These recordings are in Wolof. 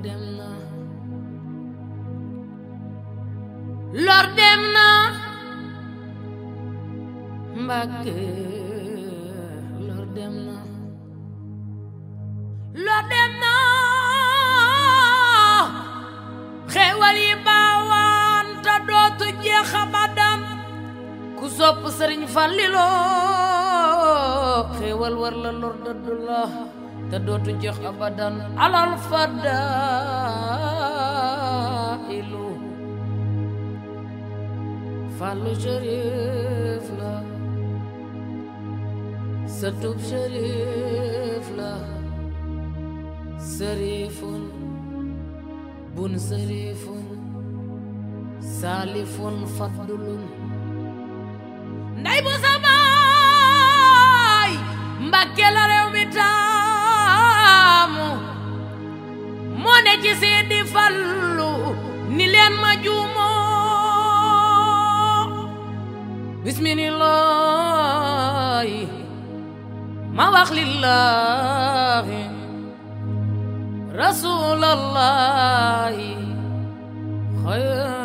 dem na lor dem na Mbàkke yi baawaan dootu jeex abadan ku sopp Sëriñ Falliloo xéewal war la lor dëddu la te dootu jeex abadan alal fadailu fàllu Cherif la sëtub Cherif la bun sërifun saalifun fadlun gisee di fallu ni leen ma juumoo bismillaahi ma wax lillaahi rasuulallaahi xayr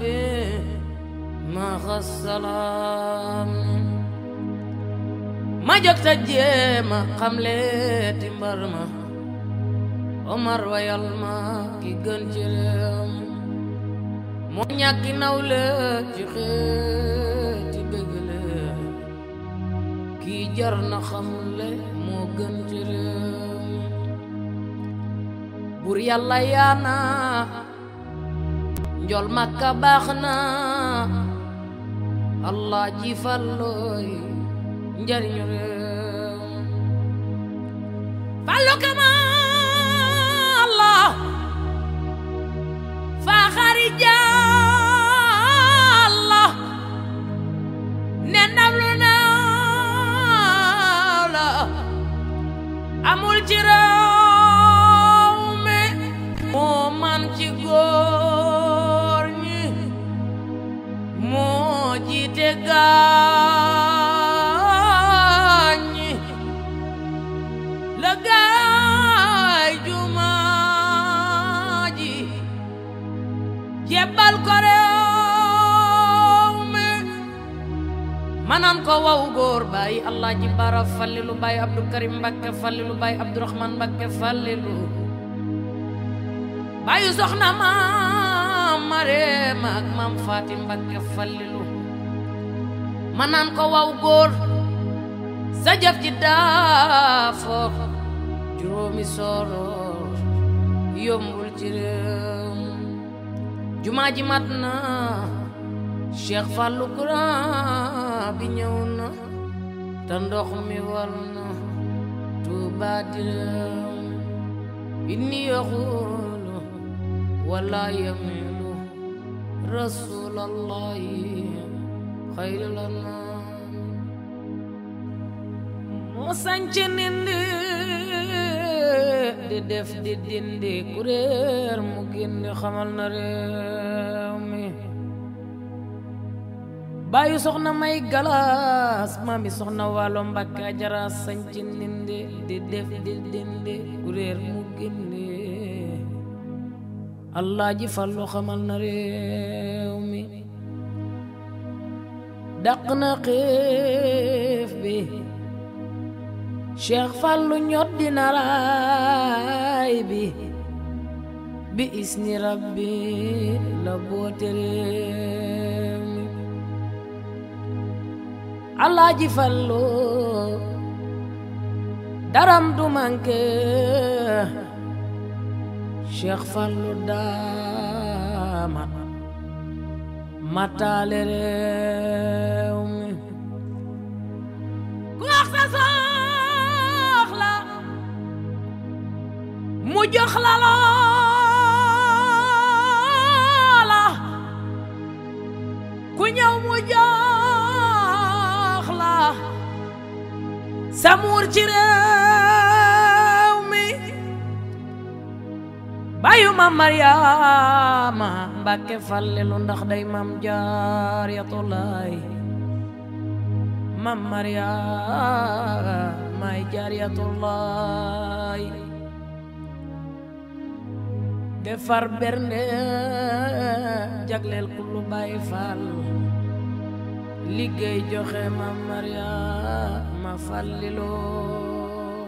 بي ما خص salaam ma jóg ta jéema xamle ti mbar ma Omar wayal ma ki gën ci réew moo ñàkki nawle ci xeeti bégle kii jar na xamle moo gën ci réew bur yàlla yaana njol makka baax allah ji fallooy njariñu fallu kama allah fa xarija lu naaw amul ci réew mi man ci góor manaan ko waw góor baay allah ji bara fallilu baay abdou karim mbakke fallilu baay abdourahman mbakke fallilu baayu soxna maam mareem ak maam faati mbakke fallilu manaan ko waw góor sa jëf ji daafoor sooroor yombul ci réew jumaa ji mat fallu kuran courant bi ndox mi wal na Tuuba inni yaxuulu wala yamilu rasulallahi xayril mu sanc di def di dindi kuréer mu génn xamal baayu soxna may galas maam yi soxna wàllo mbàkke ajara sañc ninde di def di dinde ku mu génne allah ji fàllu xamal na réew mi dàq na xiif bi cheikh fàllu ñot dina raay bi bi isni rabbi la boote réew alaaji fallu daram du manke cheikh fallu daamat mataale réew mi ku wax sa soxla mu jox la loola ku ñëw mu jox sa muur ci réew mi bayuma maryaama mbàkke fàllilu ndax day maam jaariyatullaay maam maryaamaay jaariyatullaay defar bernde jagleel kullu baay faal liggéey joxe ma Mariama falliloo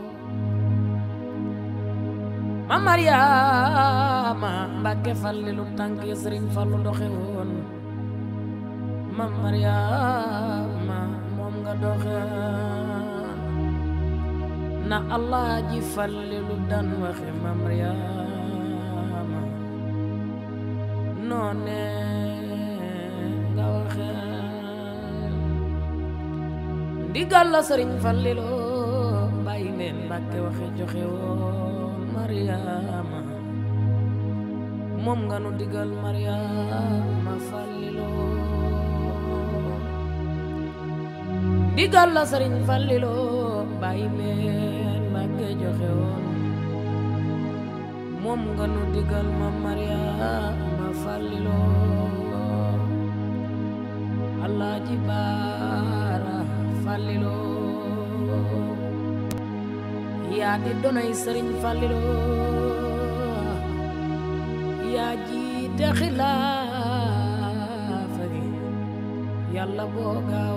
ma Mariama Mbàkke fallilu tànki Sëriñ Fallu doxe woon ma moom nga doxe na Allah ji fallilu dan waxe ma Mariama noone ndigal la sëriñ Fallilu bàyyi leen Mbàkke waxe joxe moom nga nu digal ma Mariama Fallilu Allah ji Fallilo yaa di donay sëriñ Fallilo yaa jiite xilaafa gi yàlla boo gaaw